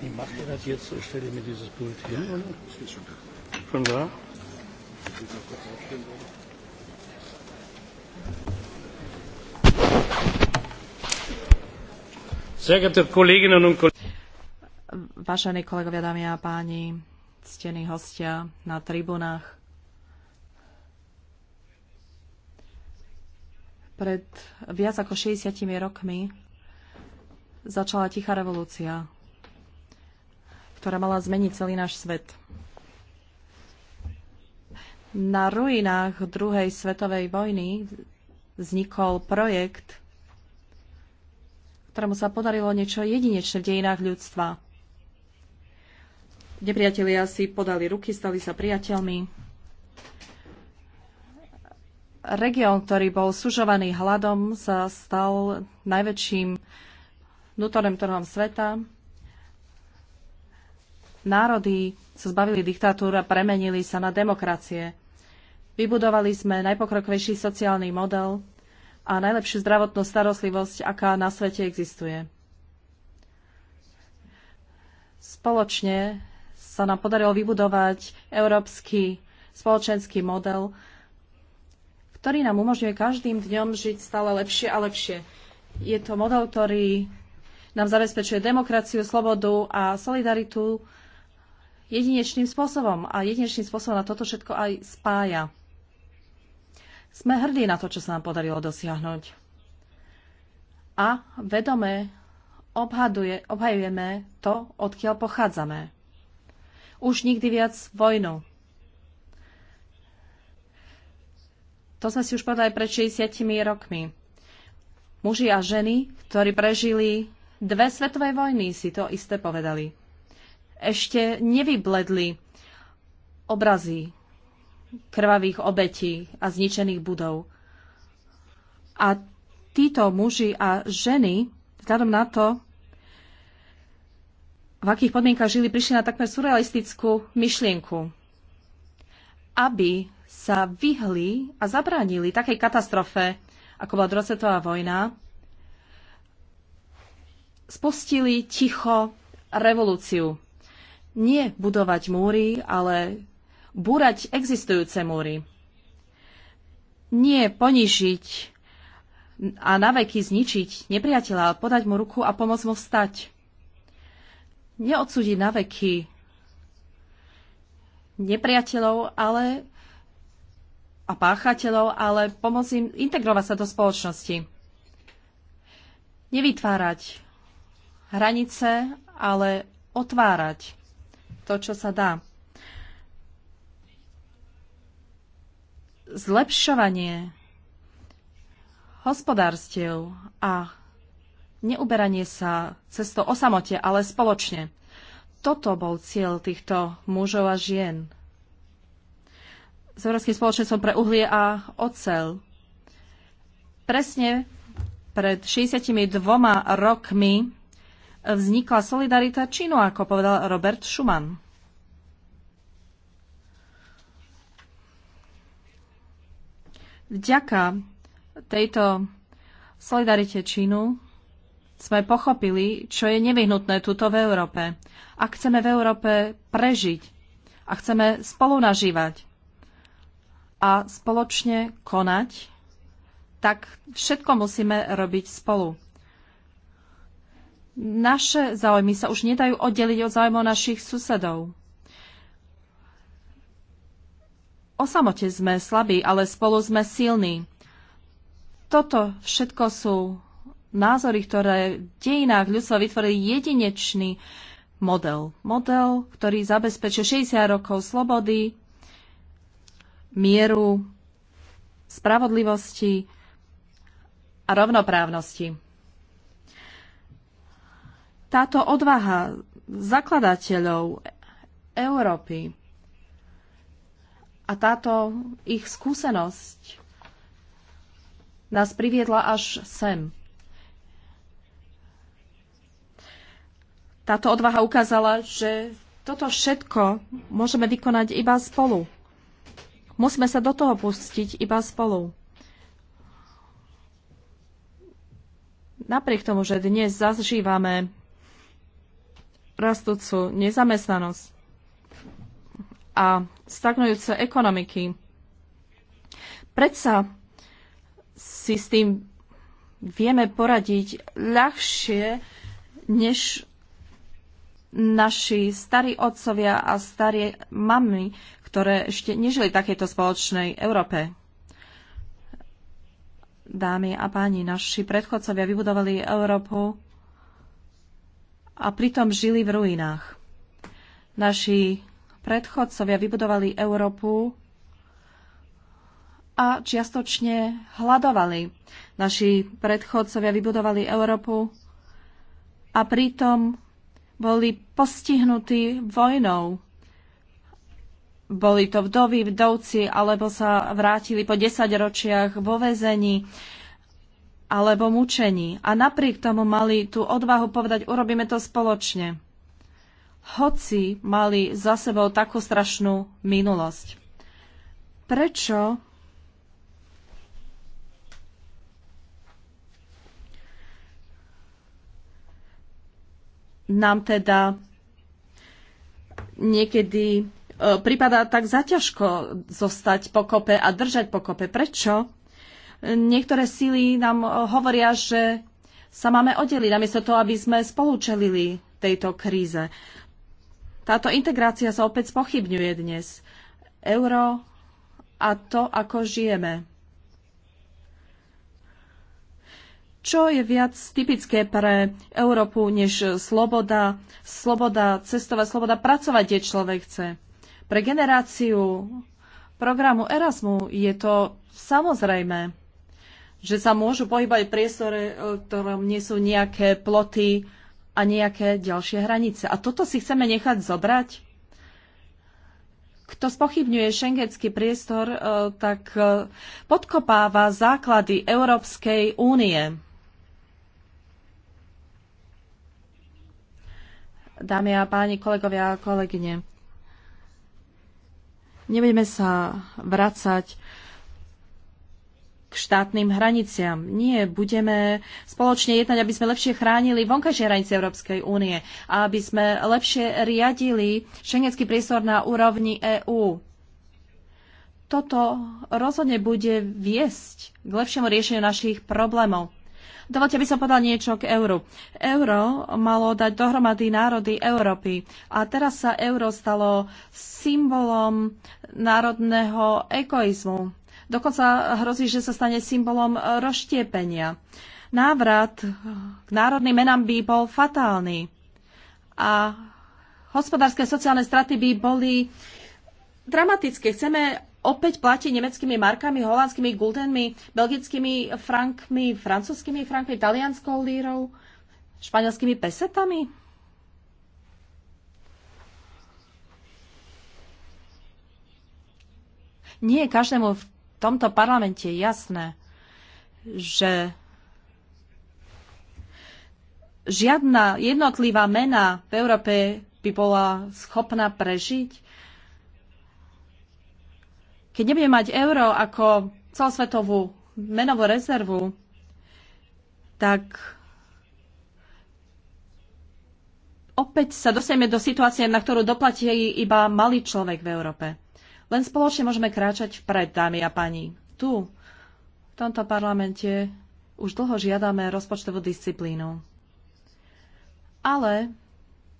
Wie macht ihr das jetzt? Ich stelle mir dieses Pult hin, oder? Ist Schon da? Sehr geehrte Kolleginnen und Kollegen. Vážení kolegovia, dámy a páni, ctení hostia na tribunách. Pred viac ako 60 rokmi začala tichá revolúcia, ktorá mala zmeniť celý náš svet. Na ruinách druhej svetovej vojny vznikol projekt, ktorému sa podarilo niečo jedinečné v dejinách ľudstva. Nepriatelia si podali ruky, stali sa priateľmi región, ktorý bol sužovaný hladom, sa stal najväčším vnútorným trhom sveta. Národy sa zbavili diktatúr a premenili sa na demokracie. Vybudovali sme najpokrokovejší sociálny model a najlepšiu zdravotnú starostlivosť, aká na svete existuje. Spoločne sa nám podarilo vybudovať európsky spoločenský model, ktorý nám umožňuje každým dňom žiť stále lepšie a lepšie. Je to model, ktorý nám zabezpečuje demokraciu, slobodu a solidaritu jedinečným spôsobom. A jedinečným spôsobom na toto všetko aj spája. Sme hrdí na to, čo sa nám podarilo dosiahnuť. A vedome obhaduje, obhajujeme to, odkiaľ pochádzame. Už nikdy viac vojnu. To sme si už povedali pred 60 rokmi. Muži a ženy, ktorí prežili dve svetové vojny, si to isté povedali. Ešte nevybledli obrazy krvavých obetí a zničených budov. A títo muži a ženy, vzhľadom na to, v akých podmienkach žili, prišli na takmer surrealistickú myšlienku. Aby sa vyhli a zabránili takej katastrofe, ako bola drocetová vojna, spustili ticho revolúciu. Nie budovať múry, ale búrať existujúce múry. Nie ponižiť a naveky zničiť nepriateľa, ale podať mu ruku a pomôcť mu vstať. Neodsúdiť naveky nepriateľov, ale a páchateľov, ale pomôcť im integrovať sa do spoločnosti. Nevytvárať hranice, ale otvárať to, čo sa dá. Zlepšovanie hospodárstiev a neuberanie sa cestou osamote, ale spoločne. Toto bol cieľ týchto mužov a žien s Európskym spoločenstvom pre uhlie a ocel. Presne pred 62 rokmi vznikla solidarita činu, ako povedal Robert Schumann. Vďaka tejto solidarite činu sme pochopili, čo je nevyhnutné tuto v Európe. Ak chceme v Európe prežiť a chceme spolunažívať, a spoločne konať, tak všetko musíme robiť spolu. Naše záujmy sa už nedajú oddeliť od záujmov našich susedov. O samote sme slabí, ale spolu sme silní. Toto všetko sú názory, ktoré v dejinách ľudstva vytvorili jedinečný model. Model, ktorý zabezpečuje 60 rokov slobody, mieru spravodlivosti a rovnoprávnosti. Táto odvaha zakladateľov Európy a táto ich skúsenosť nás priviedla až sem. Táto odvaha ukázala, že toto všetko môžeme vykonať iba spolu. Musíme sa do toho pustiť iba spolu. Napriek tomu, že dnes zažívame rastúcu nezamestnanosť a stagnujúce ekonomiky, predsa si s tým vieme poradiť ľahšie, než naši starí otcovia a staré mamy, ktoré ešte nežili v takejto spoločnej Európe. Dámy a páni, naši predchodcovia vybudovali Európu a pritom žili v ruinách. Naši predchodcovia vybudovali Európu a čiastočne hľadovali. Naši predchodcovia vybudovali Európu a pritom boli postihnutí vojnou. Boli to vdovy, vdovci, alebo sa vrátili po 10 ročiach vo väzení alebo mučení. A napriek tomu mali tú odvahu povedať, urobíme to spoločne. Hoci mali za sebou takú strašnú minulosť. Prečo nám teda niekedy e, prípada tak zaťažko zostať pokope a držať pokope. Prečo? Niektoré síly nám e, hovoria, že sa máme oddeliť, namiesto toho, aby sme spolučelili tejto kríze. Táto integrácia sa opäť spochybňuje dnes. Euro a to, ako žijeme. čo je viac typické pre Európu než sloboda, sloboda cestovať, sloboda pracovať, kde človek chce. Pre generáciu programu Erasmu je to samozrejme, že sa môžu pohybať priestore, e, ktorom nie sú nejaké ploty a nejaké ďalšie hranice. A toto si chceme nechať zobrať? Kto spochybňuje šengenský priestor, e, tak e, podkopáva základy Európskej únie dámy a páni, kolegovia a kolegyne. Nebudeme sa vracať k štátnym hraniciam. Nie, budeme spoločne jednať, aby sme lepšie chránili vonkajšie hranice Európskej únie a aby sme lepšie riadili šengenský priestor na úrovni EÚ. Toto rozhodne bude viesť k lepšiemu riešeniu našich problémov. Dovolte, aby som povedal niečo k euru. Euro malo dať dohromady národy Európy a teraz sa euro stalo symbolom národného egoizmu. Dokonca hrozí, že sa stane symbolom rozštiepenia. Návrat k národným menám by bol fatálny a hospodárske sociálne straty by boli dramatické. Chceme opäť platí nemeckými markami, holandskými guldenmi, belgickými frankmi, francúzskými frankmi, talianskou lírou, španielskými pesetami? Nie je každému v tomto parlamente jasné, že žiadna jednotlivá mena v Európe by bola schopná prežiť keď nebudeme mať euro ako celosvetovú menovú rezervu, tak opäť sa dostaneme do situácie, na ktorú doplatí iba malý človek v Európe. Len spoločne môžeme kráčať vpred, dámy a pani. Tu, v tomto parlamente, už dlho žiadame rozpočtovú disciplínu. Ale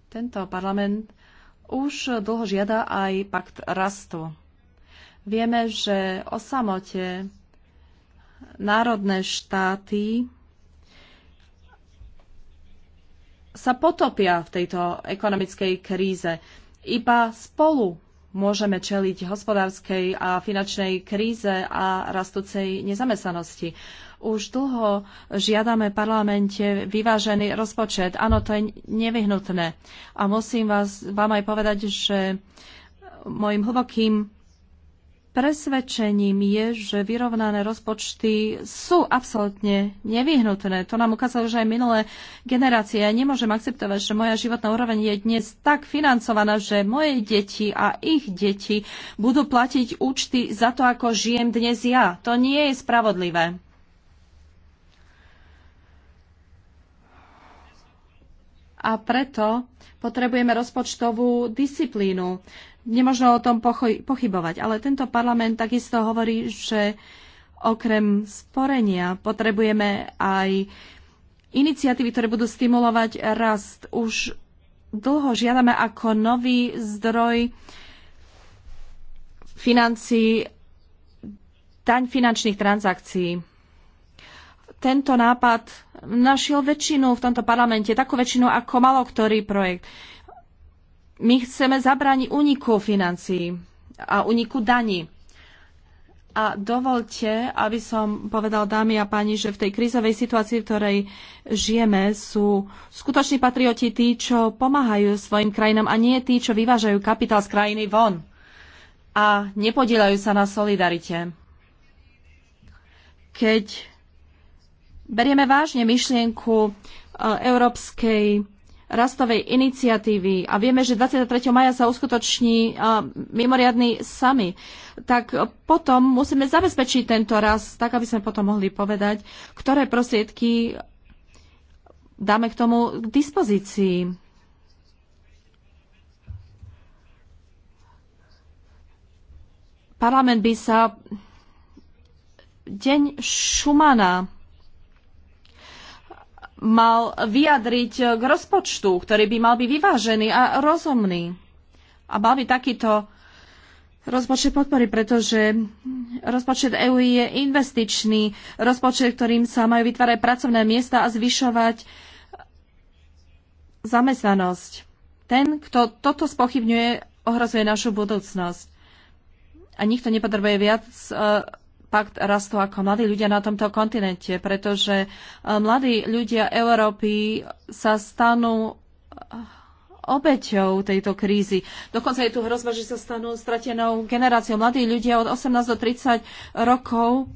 tento parlament už dlho žiada aj pakt rastu. Vieme, že o samote národné štáty sa potopia v tejto ekonomickej kríze. Iba spolu môžeme čeliť hospodárskej a finančnej kríze a rastúcej nezamestnanosti. Už dlho žiadame v parlamente vyvážený rozpočet. Áno, to je nevyhnutné. A musím vás, vám aj povedať, že môjim hlbokým presvedčením je, že vyrovnané rozpočty sú absolútne nevyhnutné. To nám ukázalo že aj minulé generácie. Ja nemôžem akceptovať, že moja životná úroveň je dnes tak financovaná, že moje deti a ich deti budú platiť účty za to, ako žijem dnes ja. To nie je spravodlivé. A preto potrebujeme rozpočtovú disciplínu nemožno o tom pochybovať. Ale tento parlament takisto hovorí, že okrem sporenia potrebujeme aj iniciatívy, ktoré budú stimulovať rast. Už dlho žiadame ako nový zdroj financí daň finančných transakcií. Tento nápad našiel väčšinu v tomto parlamente, takú väčšinu ako malo ktorý projekt. My chceme zabrániť uniku financií a uniku daní. A dovolte, aby som povedal dámy a páni, že v tej krízovej situácii, v ktorej žijeme, sú skutoční patrioti tí, čo pomáhajú svojim krajinám a nie tí, čo vyvážajú kapitál z krajiny von a nepodielajú sa na solidarite. Keď berieme vážne myšlienku e, európskej rastovej iniciatívy a vieme, že 23. maja sa uskutoční e, mimoriadný sami, tak potom musíme zabezpečiť tento rast, tak aby sme potom mohli povedať, ktoré prostriedky dáme k tomu k dispozícii. Parlament by sa deň Šumana mal vyjadriť k rozpočtu, ktorý by mal byť vyvážený a rozumný. A mal by takýto rozpočet podpory, pretože rozpočet EÚ je investičný, rozpočet, ktorým sa majú vytvárať pracovné miesta a zvyšovať zamestnanosť. Ten, kto toto spochybňuje, ohrozuje našu budúcnosť. A nikto nepotrebuje viac e, pakt rastu ako mladí ľudia na tomto kontinente, pretože e, mladí ľudia Európy sa stanú e, obeťou tejto krízy. Dokonca je tu hrozba, že sa stanú stratenou generáciou. Mladí ľudia od 18 do 30 rokov,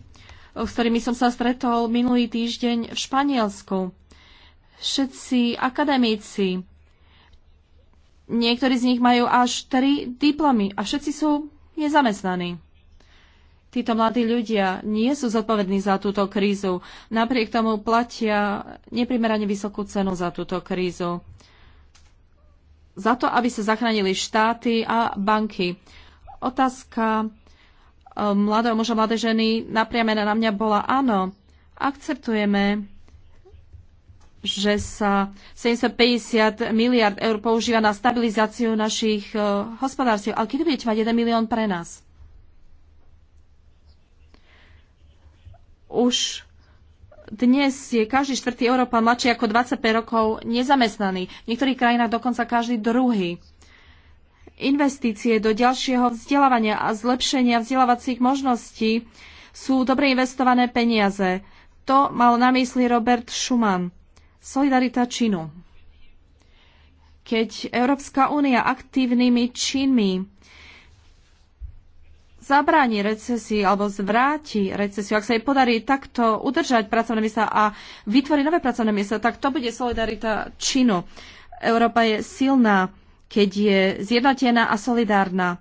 e, s ktorými som sa stretol minulý týždeň v Španielsku. Všetci akademici, niektorí z nich majú až tri diplomy a všetci sú nezamestnaní títo mladí ľudia nie sú zodpovední za túto krízu. Napriek tomu platia neprimerane vysokú cenu za túto krízu. Za to, aby sa zachránili štáty a banky. Otázka um, mladého muža, mladé ženy napriamená na mňa bola áno, akceptujeme, že sa 750 miliard eur používa na stabilizáciu našich uh, hospodárstiev. Ale kedy budete mať 1 milión pre nás? už dnes je každý štvrtý Európa mladší ako 25 rokov nezamestnaný. V niektorých krajinách dokonca každý druhý. Investície do ďalšieho vzdelávania a zlepšenia vzdelávacích možností sú dobre investované peniaze. To mal na mysli Robert Schumann. Solidarita činu. Keď Európska únia aktívnymi činmi zabráni recesii alebo zvráti recesiu, ak sa jej podarí takto udržať pracovné miesta a vytvoriť nové pracovné miesta, tak to bude solidarita činu. Európa je silná, keď je zjednotená a solidárna.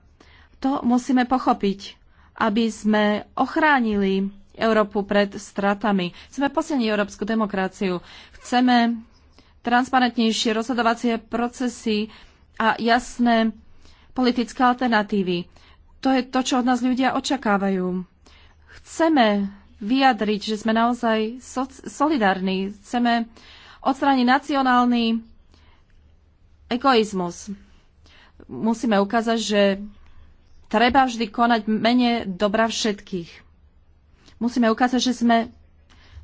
To musíme pochopiť, aby sme ochránili Európu pred stratami. Chceme posilniť európsku demokraciu. Chceme transparentnejšie rozhodovacie procesy a jasné politické alternatívy to je to, čo od nás ľudia očakávajú. Chceme vyjadriť, že sme naozaj so- solidárni. Chceme odstrániť nacionálny egoizmus. Musíme ukázať, že treba vždy konať mene dobra všetkých. Musíme ukázať, že sme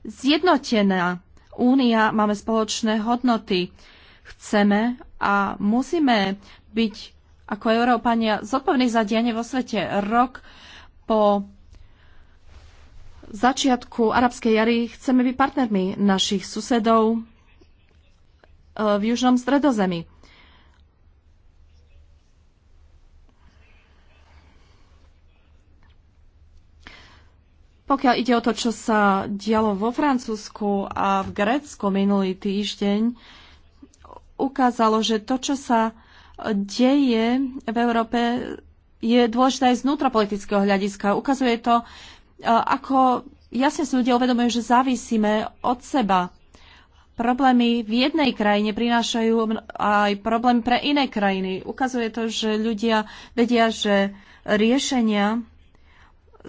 zjednotená únia, máme spoločné hodnoty. Chceme a musíme byť ako Európania zodpovední za dianie vo svete. Rok po začiatku arabskej jary chceme byť partnermi našich susedov e, v južnom stredozemi. Pokiaľ ide o to, čo sa dialo vo Francúzsku a v Grécku minulý týždeň, ukázalo, že to, čo sa deje v Európe, je dôležité aj z vnútropolitického hľadiska. Ukazuje to, e, ako jasne si ľudia uvedomujú, že závisíme od seba. Problémy v jednej krajine prinášajú aj problém pre iné krajiny. Ukazuje to, že ľudia vedia, že riešenia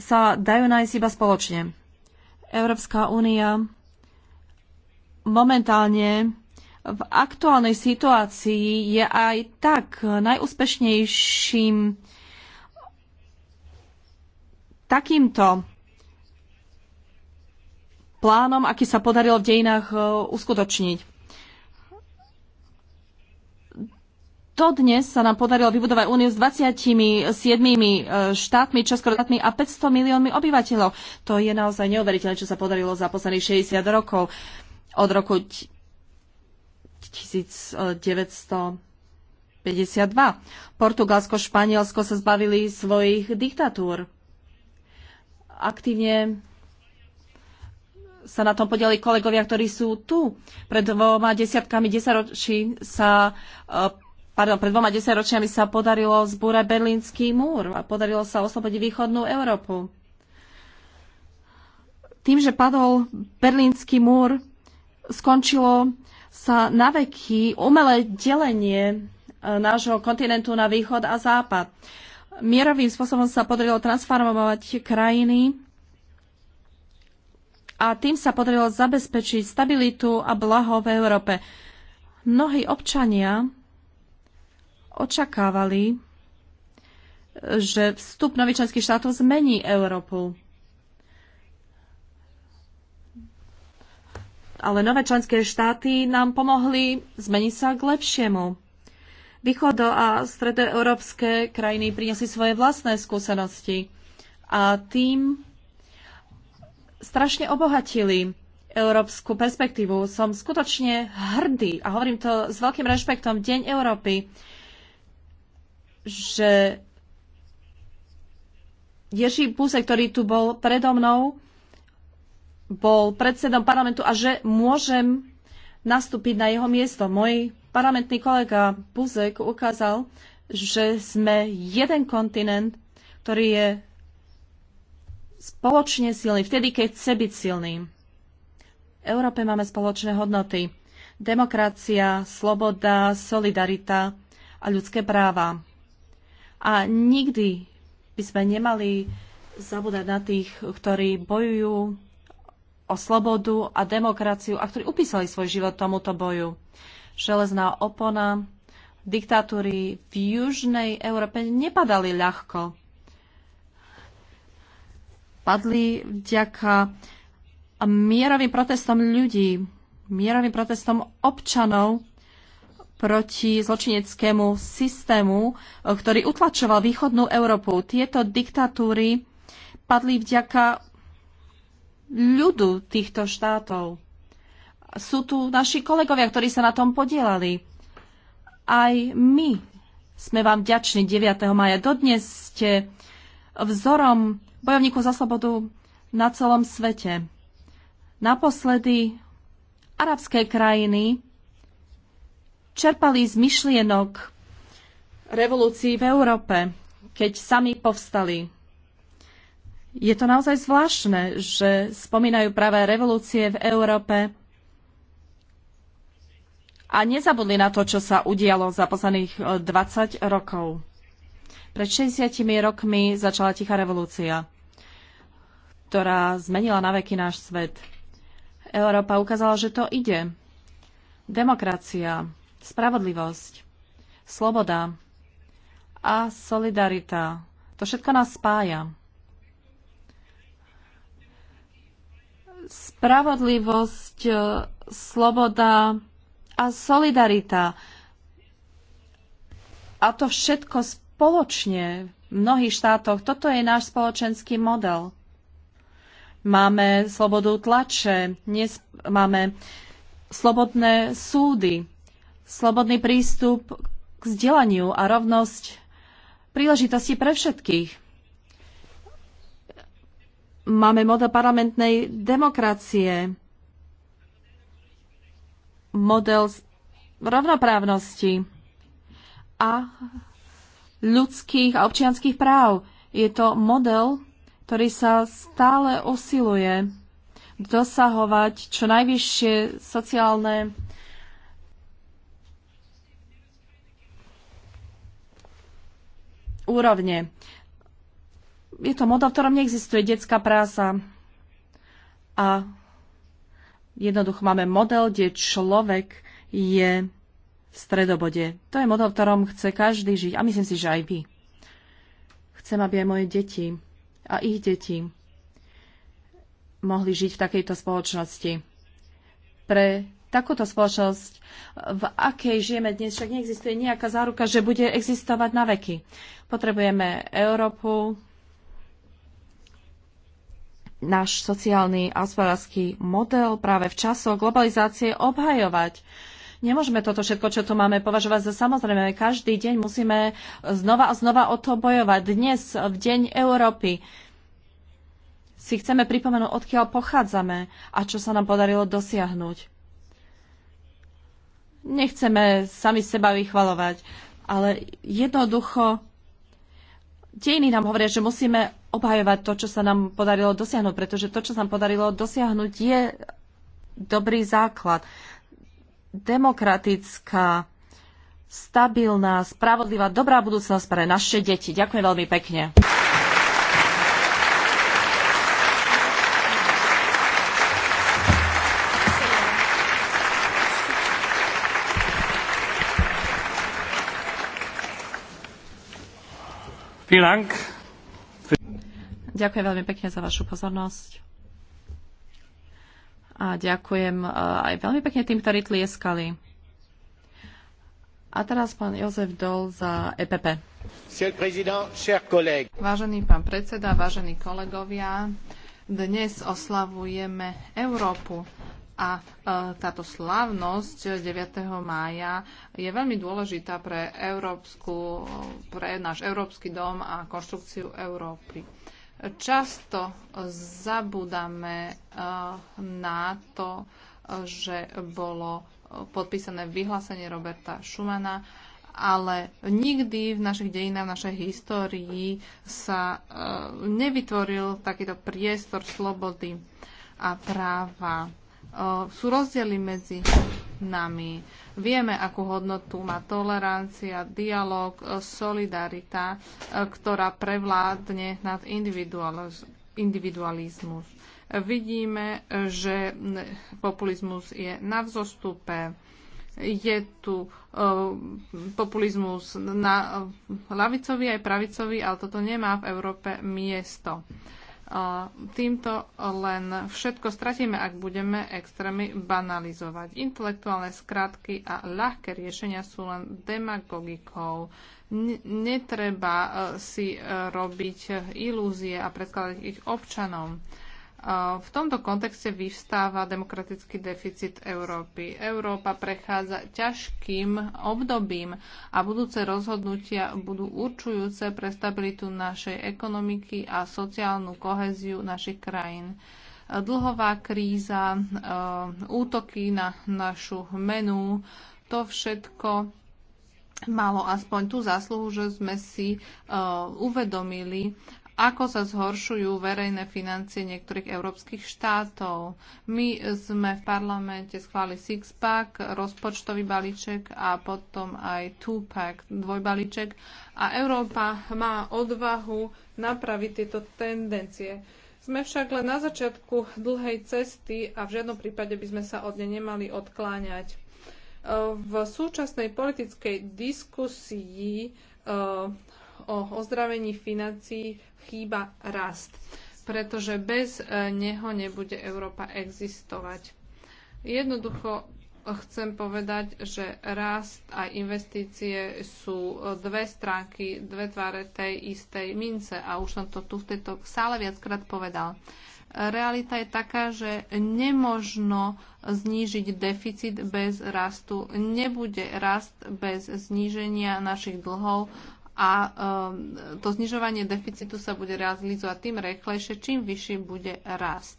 sa dajú nájsť iba spoločne. Európska únia momentálne v aktuálnej situácii je aj tak najúspešnejším takýmto plánom, aký sa podarilo v dejinách e, uskutočniť. dnes sa nám podarilo vybudovať úniu s 27 e, štátmi, českoštátmi a 500 miliónmi obyvateľov. To je naozaj neuveriteľné, čo sa podarilo za posledných 60 rokov. Od roku 1952. Portugalsko, Španielsko sa zbavili svojich diktatúr. Aktívne sa na tom podeli kolegovia, ktorí sú tu. Pred dvoma desiatkami desaťročí sa e, pardon, pred dvoma desaťročiami sa podarilo zbúrať Berlínsky múr a podarilo sa oslobodiť východnú Európu. Tým, že padol Berlínsky múr, skončilo sa veky umelé delenie e, nášho kontinentu na východ a západ. Mierovým spôsobom sa podarilo transformovať krajiny a tým sa podarilo zabezpečiť stabilitu a blaho v Európe. Mnohí občania očakávali, že vstup nových členských štátov zmení Európu. ale nové členské štáty nám pomohli zmeniť sa k lepšiemu. Východo a stredoeurópske krajiny priniesli svoje vlastné skúsenosti a tým strašne obohatili európsku perspektívu. Som skutočne hrdý a hovorím to s veľkým rešpektom Deň Európy, že Ježí Buse, ktorý tu bol predo mnou, bol predsedom parlamentu a že môžem nastúpiť na jeho miesto. Môj parlamentný kolega Buzek ukázal, že sme jeden kontinent, ktorý je spoločne silný, vtedy, keď chce byť silný. V Európe máme spoločné hodnoty. Demokracia, sloboda, solidarita a ľudské práva. A nikdy by sme nemali zabúdať na tých, ktorí bojujú o slobodu a demokraciu a ktorí upísali svoj život tomuto boju. Železná opona, diktatúry v južnej Európe nepadali ľahko. Padli vďaka mierovým protestom ľudí, mierovým protestom občanov proti zločineckému systému, ktorý utlačoval východnú Európu. Tieto diktatúry padli vďaka ľudu týchto štátov. Sú tu naši kolegovia, ktorí sa na tom podielali. Aj my sme vám vďační 9. maja. Dodnes ste vzorom bojovníkov za slobodu na celom svete. Naposledy arabské krajiny čerpali z myšlienok revolúcií v Európe, keď sami povstali je to naozaj zvláštne, že spomínajú práve revolúcie v Európe a nezabudli na to, čo sa udialo za posledných 20 e, rokov. Pred 60 rokmi začala tichá revolúcia, ktorá zmenila na veky náš svet. Európa ukázala, že to ide. Demokracia, spravodlivosť, sloboda a solidarita. To všetko nás spája. spravodlivosť, e, sloboda a solidarita. A to všetko spoločne v mnohých štátoch. Toto je náš spoločenský model. Máme slobodu tlače, máme slobodné súdy, slobodný prístup k vzdelaniu a rovnosť príležitosti pre všetkých. Máme model parlamentnej demokracie, model rovnoprávnosti a ľudských a občianských práv. Je to model, ktorý sa stále usiluje dosahovať čo najvyššie sociálne úrovne je to model, v ktorom neexistuje detská práca. A jednoducho máme model, kde človek je v stredobode. To je model, v ktorom chce každý žiť. A myslím si, že aj vy. Chcem, aby aj moje deti a ich deti mohli žiť v takejto spoločnosti. Pre takúto spoločnosť, v akej žijeme dnes, však neexistuje nejaká záruka, že bude existovať na veky. Potrebujeme Európu, náš sociálny a hospodársky model práve v časoch globalizácie obhajovať. Nemôžeme toto všetko, čo tu máme, považovať za samozrejme. Každý deň musíme znova a znova o to bojovať. Dnes, v Deň Európy, si chceme pripomenúť, odkiaľ pochádzame a čo sa nám podarilo dosiahnuť. Nechceme sami seba vychvalovať, ale jednoducho dejiny nám hovoria, že musíme obhajovať to, čo sa nám podarilo dosiahnuť, pretože to, čo sa nám podarilo dosiahnuť, je dobrý základ. Demokratická, stabilná, spravodlivá, dobrá budúcnosť pre naše deti. Ďakujem veľmi pekne. Vielen Dank. Ďakujem veľmi pekne za vašu pozornosť. A ďakujem e, aj veľmi pekne tým, ktorí tlieskali. A teraz pán Jozef Dol za EPP. Vážený pán predseda, vážení kolegovia, dnes oslavujeme Európu a e, táto slávnosť 9. mája je veľmi dôležitá pre, európsku, pre náš Európsky dom a konštrukciu Európy. Často zabudáme eh, na to, že bolo podpísané vyhlásenie Roberta Schumana, ale nikdy v našich dejinách, v našej histórii sa eh, nevytvoril takýto priestor slobody a práva. Eh, sú rozdiely medzi nami. Vieme, akú hodnotu má tolerancia, dialog, solidarita, e, ktorá prevládne nad individualizmus. Vidíme, že populizmus je na vzostupe je tu e, populizmus na lavicový aj pravicový, ale toto nemá v Európe miesto. Týmto len všetko stratíme, ak budeme extrémy banalizovať. Intelektuálne skratky a ľahké riešenia sú len demagogikou. Netreba eh, si eh, robiť eh, ilúzie a predkladať ich občanom. V tomto kontexte vyvstáva demokratický deficit Európy. Európa prechádza ťažkým obdobím a budúce rozhodnutia budú určujúce pre stabilitu našej ekonomiky a sociálnu koheziu našich krajín. Dlhová kríza, e, útoky na našu menu, to všetko malo aspoň tú zásluhu, že sme si e, uvedomili, ako sa zhoršujú verejné financie niektorých európskych štátov. My sme v parlamente schválili six-pack, rozpočtový balíček a potom aj two-pack, dvojbalíček. A Európa má odvahu napraviť tieto tendencie. Sme však len na začiatku dlhej cesty a v žiadnom prípade by sme sa od nej nemali odkláňať. E, v súčasnej politickej diskusii e, o ozdravení financií chýba rast, pretože bez e, neho nebude Európa existovať. Jednoducho chcem povedať, že rast a investície sú e, dve stránky, dve tváre tej istej mince a už som to tu v tejto sále viackrát povedal. Realita je taká, že nemožno znížiť deficit bez rastu. Nebude rast bez zníženia našich dlhov a um, to znižovanie deficitu sa bude realizovať tým rýchlejšie, čím vyšší bude rast.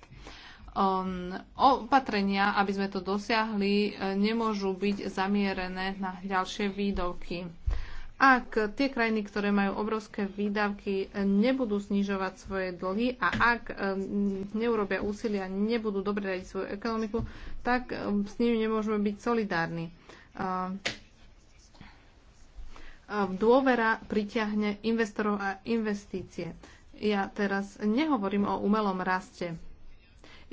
Um, opatrenia, aby sme to dosiahli, e, nemôžu byť zamierené na ďalšie výdavky. Ak tie krajiny, ktoré majú obrovské výdavky, nebudú znižovať svoje dlhy a ak um, neurobia úsilia, nebudú dobre radiť svoju ekonomiku, tak s nimi nemôžeme byť solidárni uh, dôvera priťahne investorov a investície. Ja teraz nehovorím o umelom raste.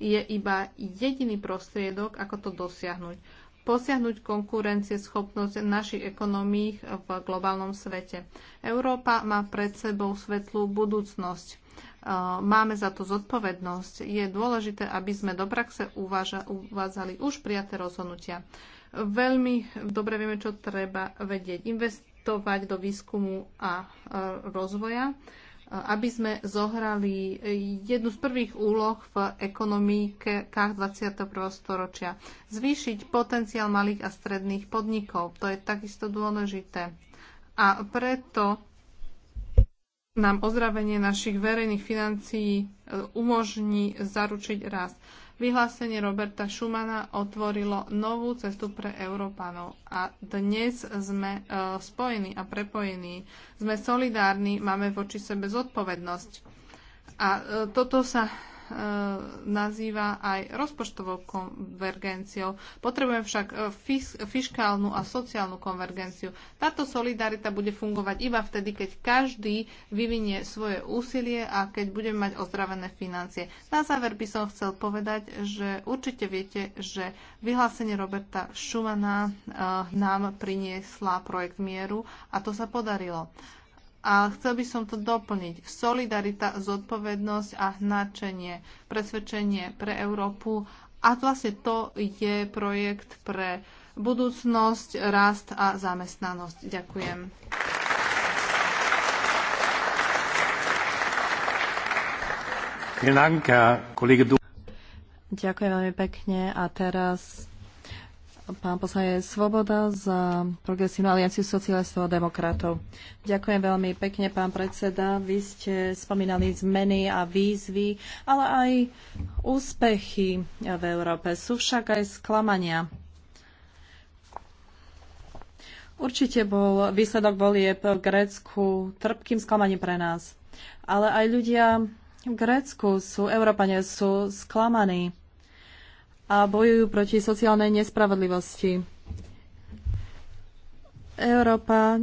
Je iba jediný prostriedok, ako to dosiahnuť. Posiahnuť konkurencieschopnosť našich ekonomík v globálnom svete. Európa má pred sebou svetlú budúcnosť. E, máme za to zodpovednosť. Je dôležité, aby sme do praxe uváža, uvádzali už prijaté rozhodnutia. Veľmi dobre vieme, čo treba vedieť. Invest- investovať do výskumu a rozvoja, aby sme zohrali jednu z prvých úloh v ekonomikách 21. storočia. Zvýšiť potenciál malých a stredných podnikov. To je takisto dôležité. A preto nám ozdravenie našich verejných financií e, umožní zaručiť rast. Vyhlásenie Roberta Schumana otvorilo novú cestu pre Európanov a dnes sme uh, spojení a prepojení. Sme solidárni, máme voči sebe zodpovednosť. A uh, toto sa E, nazýva aj rozpočtovou konvergenciou. Potrebujeme však e, fiskálnu a sociálnu konvergenciu. Táto solidarita bude fungovať iba vtedy, keď každý vyvinie svoje úsilie a keď budeme mať ozdravené financie. Na záver by som chcel povedať, že určite viete, že vyhlásenie Roberta Schumana e, nám priniesla projekt mieru a to sa podarilo. A chcel by som to doplniť. Solidarita, zodpovednosť a hnačenie, presvedčenie pre Európu. A vlastne to je projekt pre budúcnosť, rast a zamestnanosť. Ďakujem. Ďakujem veľmi pekne a teraz pán poslanec Svoboda za Progresívnu alianciu socialistov a demokratov. Ďakujem veľmi pekne, pán predseda. Vy ste spomínali zmeny a výzvy, ale aj úspechy v Európe. Sú však aj sklamania. Určite bol výsledok volieb v Grécku trpkým sklamaním pre nás. Ale aj ľudia v Grécku sú, Európania sú sklamaní a bojujú proti sociálnej nespravodlivosti. Európa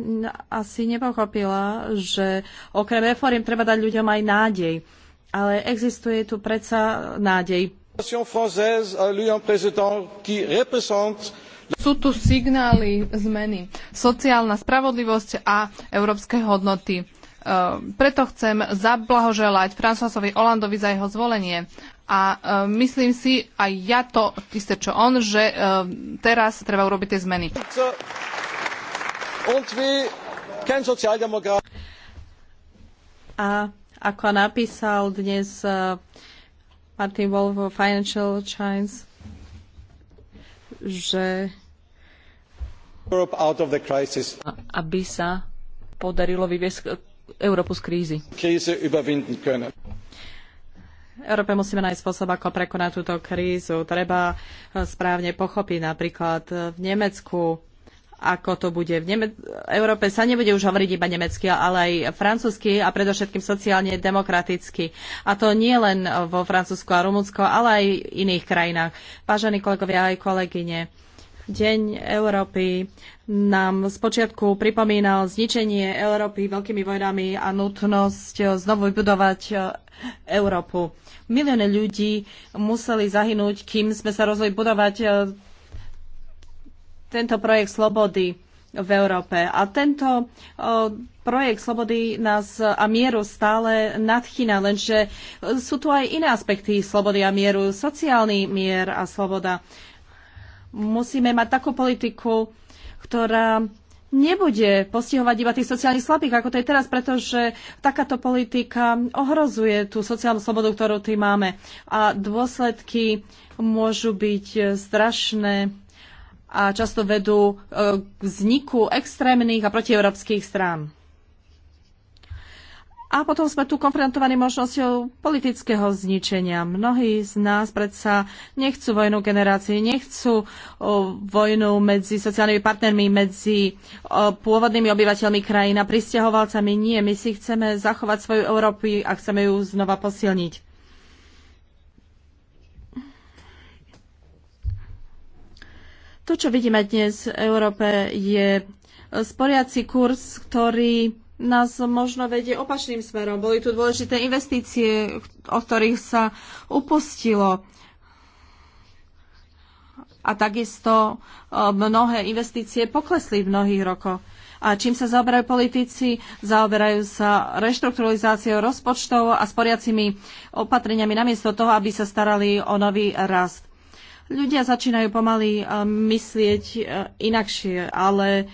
asi nepochopila, že okrem reform treba dať ľuďom aj nádej. Ale existuje tu predsa nádej. Sú tu signály zmeny. Sociálna spravodlivosť a európske hodnoty. E, preto chcem zablahoželať Francoisovi Olandovi za jeho zvolenie a e, myslím si, aj ja to isté, čo on, že e, teraz treba urobiť tie zmeny. A ako napísal dnes e, Martin Wolf vo Financial Times, že aby sa podarilo vyviesť Európu z krízy. Európe musíme nájsť spôsob, ako prekonať túto krízu. Treba eh, správne pochopiť napríklad eh, v Nemecku, ako to bude. V Neme- Európe sa nebude už hovoriť iba nemecky, ale aj francúzsky a predovšetkým sociálne demokraticky. A to nie len eh, vo Francúzsku a Rumunsku, ale aj v iných krajinách. Vážení kolegovia aj kolegyne, Deň Európy nám spočiatku pripomínal zničenie Európy veľkými vojnami a nutnosť znovu vybudovať e, Európu. Milióny ľudí museli zahynúť, kým sme sa rozhodli budovať e, tento projekt slobody v Európe. A tento e, projekt slobody nás a mieru stále nadchýna, lenže sú tu aj iné aspekty slobody a mieru, sociálny mier a sloboda. Musíme mať takú politiku, ktorá nebude postihovať iba tých sociálnych slabých, ako to je teraz, pretože takáto politika ohrozuje tú sociálnu slobodu, ktorú tu máme. A dôsledky môžu byť strašné a často vedú e, k vzniku extrémnych a protieurópskych strán. A potom sme tu konfrontovaní možnosťou politického zničenia. Mnohí z nás predsa nechcú vojnu generácií, nechcú vojnu medzi sociálnymi partnermi, medzi pôvodnými obyvateľmi krajín a pristahovalcami. Nie, my si chceme zachovať svoju Európu a chceme ju znova posilniť. To, čo vidíme dnes v Európe, je sporiaci kurz, ktorý nás možno vedie opačným smerom. Boli tu dôležité investície, o ktorých sa upustilo. A takisto e, mnohé investície poklesli v mnohých rokoch. A čím sa zaoberajú politici? Zaoberajú sa reštrukturalizáciou rozpočtov a sporiacimi opatreniami namiesto toho, aby sa starali o nový rast ľudia začínajú pomaly e, myslieť e, inakšie, ale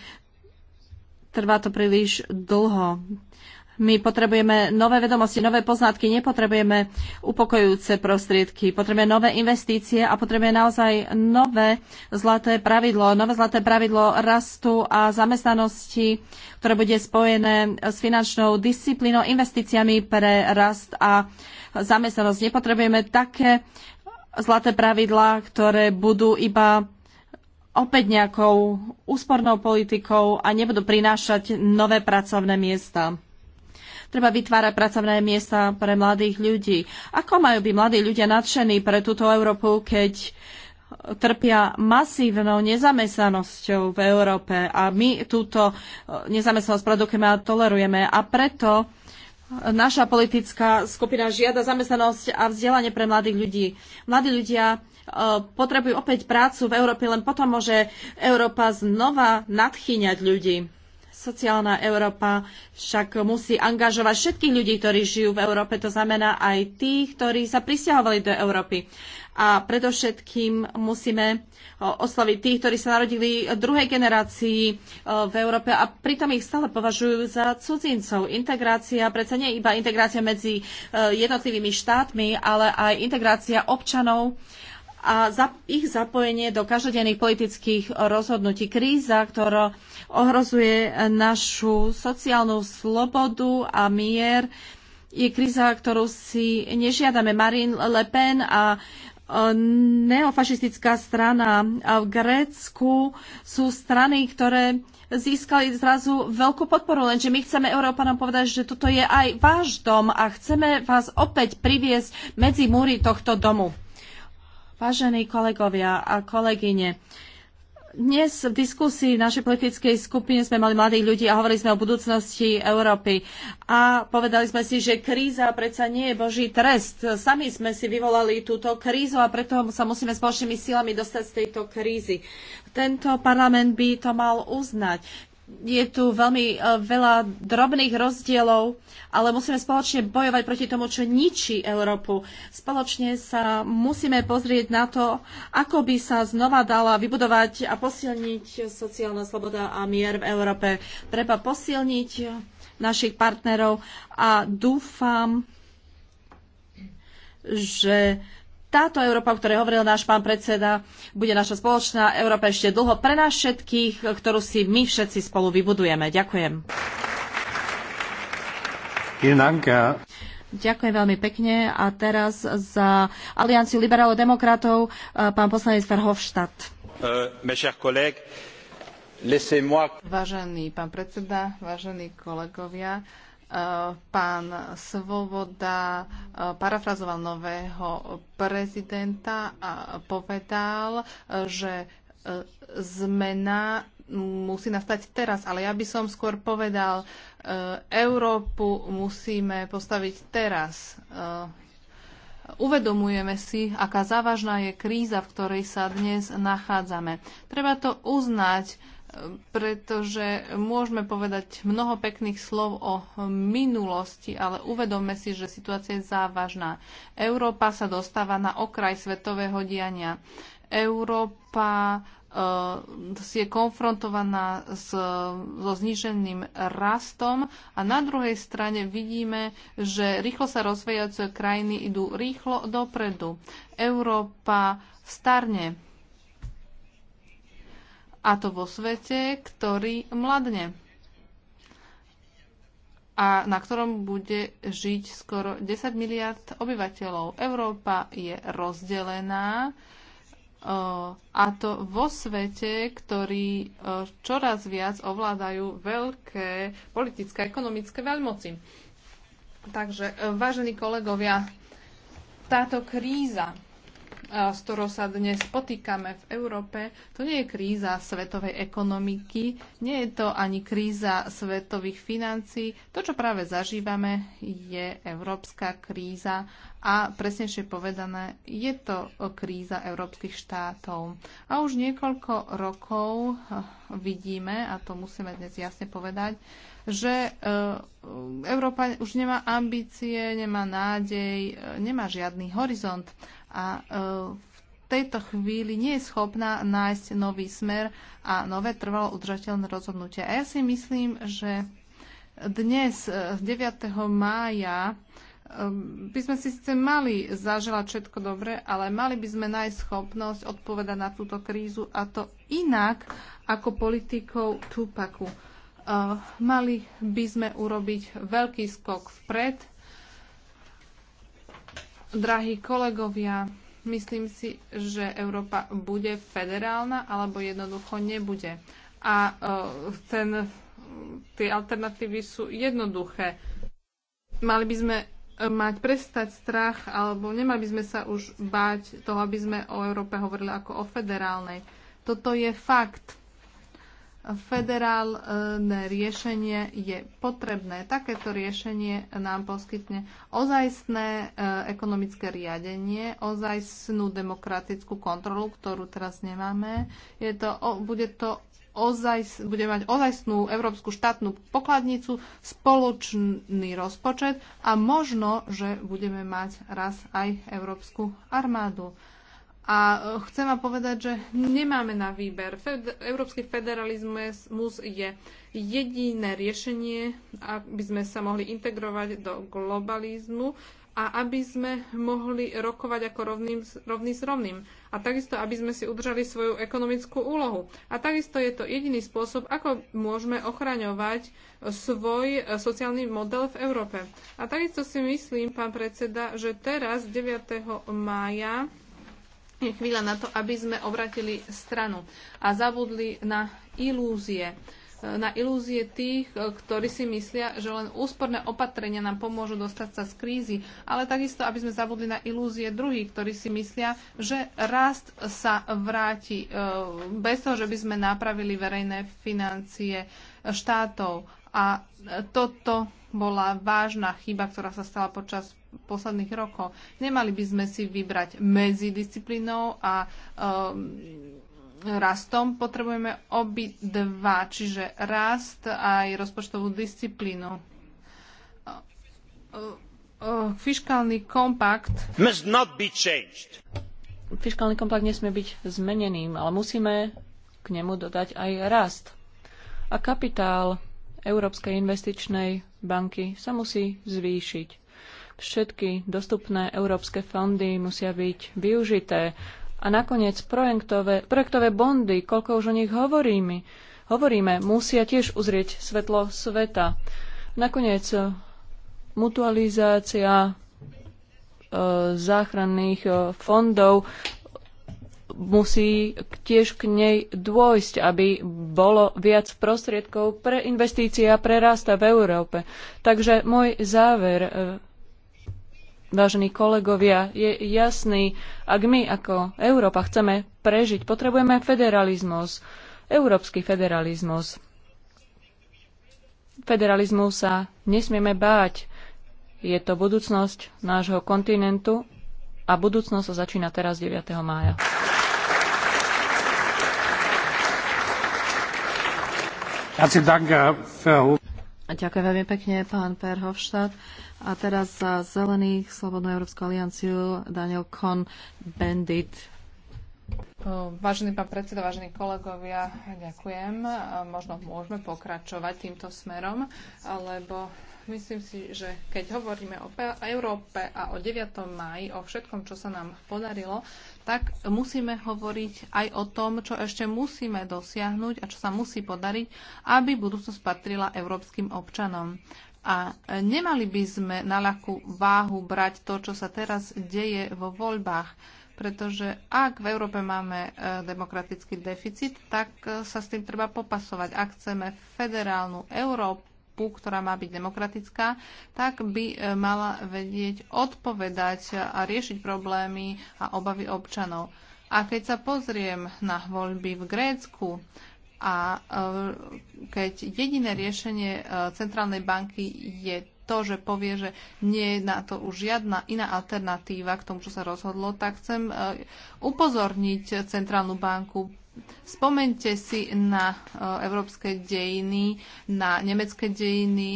trvá to príliš dlho. My potrebujeme nové vedomosti, nové poznatky, nepotrebujeme upokojujúce prostriedky, potrebujeme nové investície a potrebujeme naozaj nové zlaté pravidlo, nové zlaté pravidlo rastu a zamestnanosti, ktoré bude spojené s finančnou disciplínou, investíciami pre rast a zamestnanosť. Nepotrebujeme také zlaté pravidlá, ktoré budú iba opäť nejakou úspornou politikou a nebudú prinášať nové pracovné miesta. Treba vytvárať pracovné miesta pre mladých ľudí. Ako majú byť mladí ľudia nadšení pre túto Európu, keď trpia masívnou nezamestnanosťou v Európe a my túto eh, nezamestnanosť produkujeme a tolerujeme a preto Naša politická skupina žiada zamestnanosť a vzdelanie pre mladých ľudí. Mladí ľudia e, potrebujú opäť prácu v Európe, len potom môže Európa znova nadchýňať ľudí. Sociálna Európa však musí angažovať všetkých ľudí, ktorí žijú v Európe, to znamená aj tých, ktorí sa pristahovali do Európy a predovšetkým musíme osloviť tých, ktorí sa narodili druhej generácii v Európe a pritom ich stále považujú za cudzincov. Integrácia predsa nie iba integrácia medzi e, jednotlivými štátmi, ale aj integrácia občanov a za ich zapojenie do každodenných politických rozhodnutí. Kríza, ktorá ohrozuje našu sociálnu slobodu a mier, je kríza, ktorú si nežiadame. Marine Le Pen a neofašistická strana v Grécku sú strany, ktoré získali zrazu veľkú podporu, lenže my chceme Európanom povedať, že toto je aj váš dom a chceme vás opäť priviesť medzi múry tohto domu. Vážení kolegovia a kolegyne, uh, dnes v diskusii našej politickej skupine sme mali mladých ľudí a hovorili sme o budúcnosti Európy. A povedali sme si, že kríza predsa nie je Boží trest. Sami sme si vyvolali túto krízu a preto sa musíme spoločnými silami dostať z tejto krízy. Tento parlament by to mal uznať je tu veľmi e, veľa drobných rozdielov, ale musíme spoločne bojovať proti tomu, čo ničí Európu. Spoločne sa musíme pozrieť na to, ako by sa znova dala vybudovať a posilniť sociálna sloboda a mier v Európe. Treba posilniť našich partnerov a dúfam, že táto Európa, o ktorej hovoril náš pán predseda, bude naša spoločná Európa ešte dlho pre nás všetkých, ktorú si my všetci spolu vybudujeme. Ďakujem. Ďakujem veľmi pekne. A teraz za Alianciu liberálov demokratov e, pán poslanec Verhofstadt. E, Vážený pán predseda, vážení kolegovia, pán Svoboda eh, parafrazoval nového prezidenta a povedal, že eh, zmena musí nastať teraz, ale ja by som skôr povedal, eh, Európu musíme postaviť teraz. Uvedomujeme si, aká závažná je kríza, v ktorej sa dnes nachádzame. Treba to uznať pretože môžeme povedať mnoho pekných slov o minulosti, ale uvedome si, že situácia je závažná. Európa sa dostáva na okraj svetového diania. Európa si eh, je konfrontovaná s, so zníženým rastom a na druhej strane vidíme, že rýchlo sa rozvíjajúce krajiny idú rýchlo dopredu. Európa starne a to vo svete, ktorý mladne a na ktorom bude žiť skoro 10 miliard obyvateľov. Európa je rozdelená a to vo svete, ktorý čoraz viac ovládajú veľké politické a ekonomické veľmoci. Takže, e, vážení kolegovia, táto kríza s ktorou sa dnes potýkame v Európe, to nie je kríza svetovej ekonomiky, nie je to ani kríza svetových financií. To, čo práve zažívame, je európska kríza a presnejšie povedané, je to kríza európskych štátov. A už niekoľko rokov eh, vidíme, a to musíme dnes jasne povedať, že eh, Európa už nemá ambície, nemá nádej, eh, nemá žiadny horizont a e, v tejto chvíli nie je schopná nájsť nový smer a nové trvalo udržateľné rozhodnutie. A ja si myslím, že dnes, 9. E, mája, e, by sme si síce mali zaželať všetko dobre, ale mali by sme nájsť schopnosť odpovedať na túto krízu a to inak ako politikou Tupaku. Mali by sme urobiť veľký skok vpred Drahí kolegovia, myslím si, že Európa bude federálna alebo jednoducho nebude. A e, ten, tie alternatívy sú jednoduché. Mali by sme e, mať prestať strach, alebo nemali by sme sa už báť toho, aby sme o Európe hovorili ako o federálnej. Toto je fakt federálne riešenie je potrebné. Takéto riešenie nám poskytne ozajstné e, ekonomické riadenie, ozajstnú demokratickú kontrolu, ktorú teraz nemáme. Je to, bude to ozaj, bude mať ozajstnú európsku štátnu pokladnicu, spoločný rozpočet a možno, že budeme mať raz aj európsku armádu. A e, chcem vám povedať, že nemáme na výber. Fed, Európsky federalizmus je jediné riešenie, aby sme sa mohli integrovať do globalizmu a aby sme mohli rokovať ako rovným, rovný s rovným. A takisto, aby sme si udržali svoju ekonomickú úlohu. A takisto je to jediný spôsob, ako môžeme ochraňovať svoj e, sociálny model v Európe. A takisto si myslím, pán predseda, že teraz 9. mája chvíľa na to, aby sme obratili stranu a zabudli na ilúzie na ilúzie tých, ktorí si myslia, že len úsporné opatrenia nám pomôžu dostať sa z krízy, ale takisto, aby sme zabudli na ilúzie druhých, ktorí si myslia, že rast sa vráti e, bez toho, že by sme napravili verejné financie štátov. A e, toto bola vážna chyba, ktorá sa stala počas posledných rokov. Nemali by sme si vybrať medzi disciplínou a um, rastom. Potrebujeme obi dva, čiže rast aj rozpočtovú disciplínu. Uh, uh, fiskálny kompakt must not be changed. Fiskálny kompakt nesmie byť zmeneným, ale musíme k nemu dodať aj rast. A kapitál Európskej investičnej banky sa musí zvýšiť. Všetky dostupné európske fondy musia byť využité. A nakoniec projektové, projektové bondy, koľko už o nich hovoríme, hovoríme, musia tiež uzrieť svetlo sveta. Nakoniec eh, mutualizácia eh, záchranných eh, fondov musí tiež k nej dôjsť, aby bolo viac prostriedkov pre investície a pre rasta v Európe. Takže môj záver, e, vážení kolegovia, je jasný. Ak my ako Európa chceme prežiť, potrebujeme federalizmus, európsky federalizmus. Federalizmu sa nesmieme báť. Je to budúcnosť nášho kontinentu a budúcnosť sa začína teraz 9. mája. Ďakujem veľmi pekne, pán Perhofštát. A teraz za Zelených, Slobodnú Európsku alianciu, Daniel Kohn, Bandit. Vážený pán predseda, vážení kolegovia, ďakujem. Možno môžeme pokračovať týmto smerom, lebo myslím si, že keď hovoríme o Európe a o 9. máji, o všetkom, čo sa nám podarilo, tak musíme hovoriť aj o tom, čo ešte musíme dosiahnuť a čo sa musí podariť, aby budúcnosť patrila európskym občanom. A nemali by sme na ľakú váhu brať to, čo sa teraz deje vo voľbách pretože ak v Európe máme e, demokratický deficit, tak e, sa s tým treba popasovať. Ak chceme federálnu Európu, Európu, ktorá má byť demokratická, tak by e, mala vedieť odpovedať a riešiť problémy a obavy občanov. A keď sa pozriem na voľby v Grécku, a e, keď jediné riešenie e, centrálnej banky je to, že povie, že nie je na to už žiadna iná alternatíva k tomu, čo sa rozhodlo, tak chcem upozorniť centrálnu banku Spomeňte si na e, európske dejiny, na nemecké dejiny,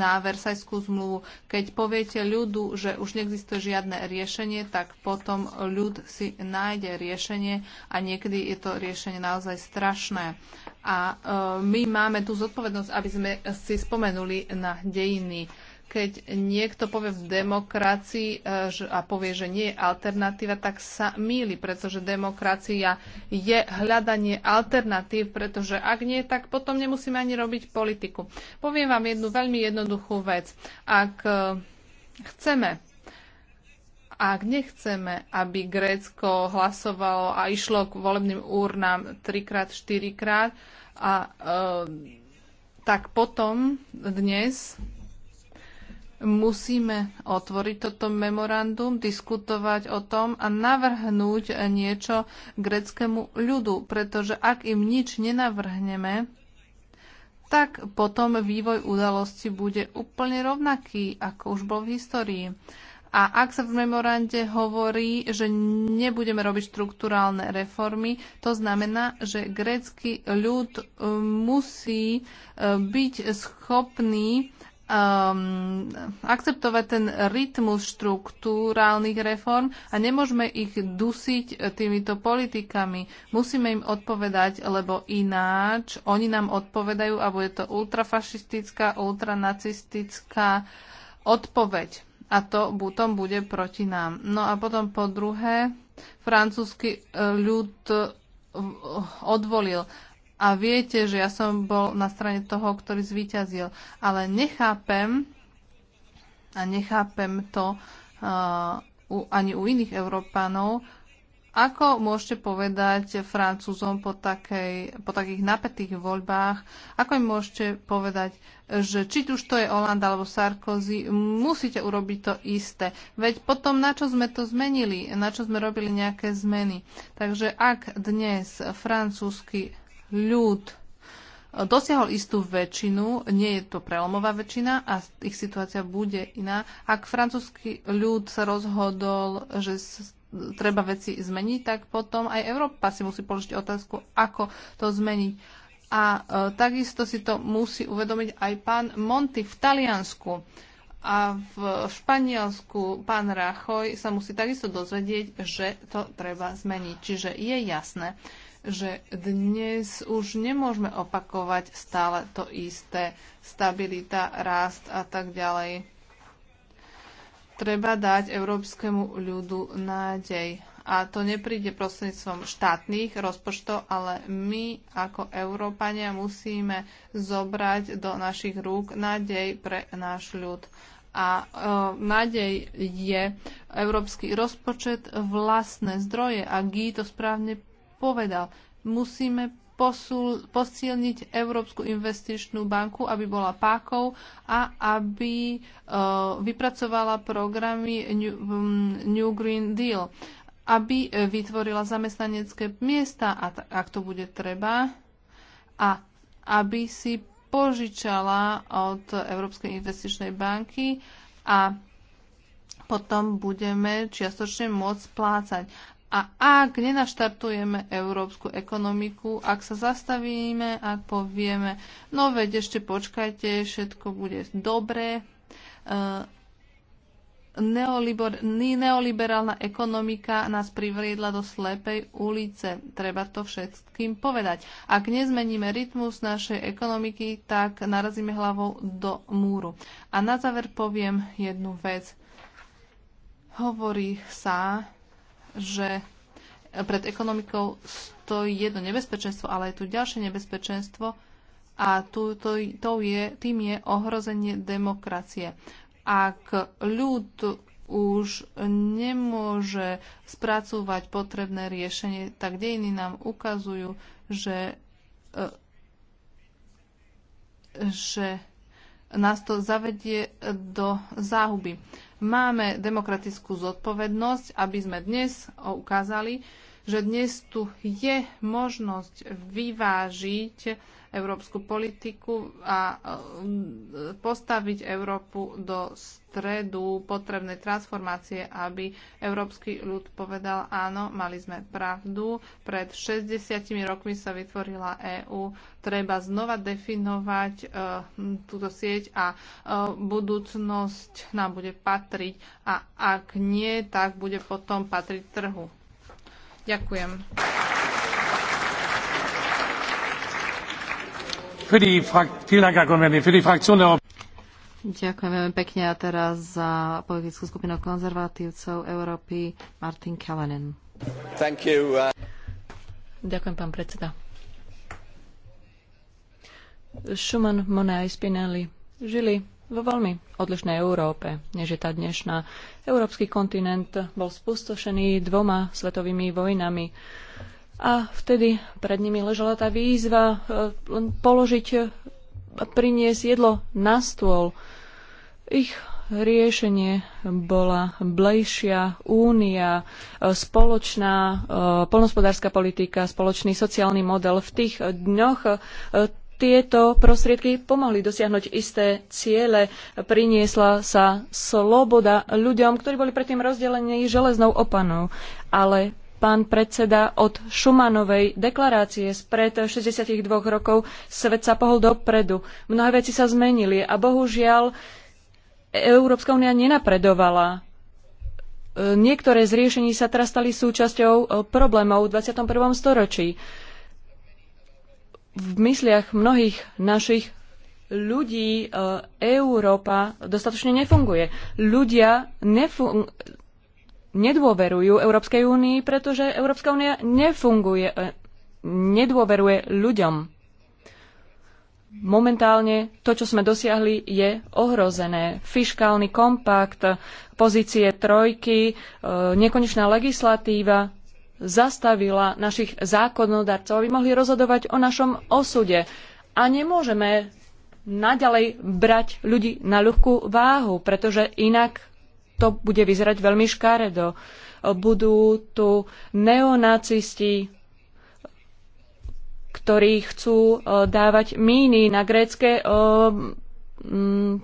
na Versajskú zmluvu. Keď poviete ľudu, že už neexistuje žiadne riešenie, tak potom ľud si nájde riešenie a niekedy je to riešenie naozaj strašné. A e, my máme tú zodpovednosť, aby sme si spomenuli na dejiny keď niekto povie v demokracii e, a povie, že nie je alternatíva, tak sa míli, pretože demokracia je hľadanie alternatív, pretože ak nie, tak potom nemusíme ani robiť politiku. Poviem vám jednu veľmi jednoduchú vec. Ak e, chceme ak nechceme, aby Grécko hlasovalo a išlo k volebným úrnám trikrát, štyrikrát, a, e, tak potom dnes musíme otvoriť toto memorandum, diskutovať o tom a navrhnúť niečo greckému ľudu, pretože ak im nič nenavrhneme, tak potom vývoj udalosti bude úplne rovnaký, ako už bol v histórii. A ak sa v memorande hovorí, že nebudeme robiť štruktúrálne reformy, to znamená, že grécky ľud e, musí e, byť schopný um, akceptovať ten rytmus štruktúrálnych reform a nemôžeme ich dusiť týmito politikami. Musíme im odpovedať, lebo ináč oni nám odpovedajú a bude to ultrafašistická, ultranacistická odpoveď. A to potom bude proti nám. No a potom po druhé, francúzsky ľud odvolil a viete, že ja som bol na strane toho, ktorý zvíťazil. Ale nechápem, a nechápem to uh, u, ani u iných Európanov, ako môžete povedať Francúzom po, takej, po takých napätých voľbách, ako im môžete povedať, že či už to je Hollande alebo Sarkozy, musíte urobiť to isté. Veď potom na čo sme to zmenili, na čo sme robili nejaké zmeny. Takže ak dnes francúzsky ľud dosiahol istú väčšinu, nie je to prelomová väčšina a ich situácia bude iná. Ak francúzsky ľud sa rozhodol, že treba veci zmeniť, tak potom aj Európa si musí položiť otázku, ako to zmeniť. A e, takisto si to musí uvedomiť aj pán Monty v Taliansku. A v Španielsku pán Rachoj sa musí takisto dozvedieť, že to treba zmeniť. Čiže je jasné, že dnes už nemôžeme opakovať stále to isté. Stabilita, rast a tak ďalej. Treba dať európskemu ľudu nádej. A to nepríde prostredníctvom štátnych rozpočtov, ale my ako Európania musíme zobrať do našich rúk nádej pre náš ľud a e, nádej je európsky rozpočet, vlastné zdroje a Guy to správne povedal, musíme posul, posilniť Európsku investičnú banku, aby bola pákou a aby uh, vypracovala programy New, um, New Green Deal, aby e, vytvorila zamestnanecké miesta, a ak to bude treba, a aby si požičala od Európskej investičnej banky a potom budeme čiastočne môcť splácať. A ak nenaštartujeme európsku ekonomiku, ak sa zastavíme, ak povieme, no veď ešte počkajte, všetko bude dobré, uh, e, neoliber, neoliberálna ekonomika nás privriedla do slepej ulice. Treba to všetkým povedať. Ak nezmeníme rytmus našej ekonomiky, tak narazíme hlavou do múru. A na záver poviem jednu vec. Hovorí sa, že pred ekonomikou stojí jedno nebezpečenstvo, ale je tu ďalšie nebezpečenstvo a tu, to, to je, tým je ohrozenie demokracie. Ak ľud už nemôže spracúvať potrebné riešenie, tak dejiny nám ukazujú, že, e, že nás to zavedie do záhuby. Máme demokratickú zodpovednosť, aby sme dnes ukázali, že dnes tu je možnosť vyvážiť európsku politiku a e, postaviť Európu do stredu potrebnej transformácie, aby európsky ľud povedal áno, mali sme pravdu. Pred 60 rokmi sa vytvorila EÚ. Treba znova definovať e, túto sieť a e, budúcnosť nám bude patriť a ak nie, tak bude potom patriť trhu. Ďakujem. Ďakujem veľmi pekne a teraz za politickú skupinu konzervatívcov Európy Martin Kalanen. Uh, Ďakujem, pán predseda. Schumann, Monet a Spinelli žili vo veľmi odlišnej Európe, než je tá dnešná. Európsky kontinent bol spustošený dvoma svetovými vojnami a vtedy pred nimi ležala tá výzva eh, len položiť eh, a priniesť jedlo na stôl. Ich riešenie bola blejšia únia, eh, spoločná polnospodárska politika, spoločný sociálny model. V tých dňoch tieto prostriedky pomohli dosiahnuť isté ciele. Priniesla sa sloboda ľuďom, ktorí boli predtým rozdelení železnou opanou. Ale pán predseda, od Šumanovej deklarácie spred 62 rokov svet sa pohol dopredu. Mnohé veci sa zmenili a bohužiaľ Európska únia nenapredovala. Niektoré z riešení sa teraz stali súčasťou problémov v 21. storočí. V mysliach mnohých našich ľudí e, Európa dostatočne nefunguje. Ľudia nefun- nedôverujú Európskej únii, pretože Európska únia nefunguje, e, nedôveruje ľuďom. Momentálne to, čo sme dosiahli, je ohrozené. Fiškálny kompakt, pozície trojky, e, nekonečná legislatíva zastavila našich zákonodarcov, aby mohli rozhodovať o našom osude. A nemôžeme naďalej brať ľudí na ľahkú váhu, pretože inak to bude vyzerať veľmi škaredo. Budú tu neonacisti, ktorí chcú e, dávať míny na grécké, e,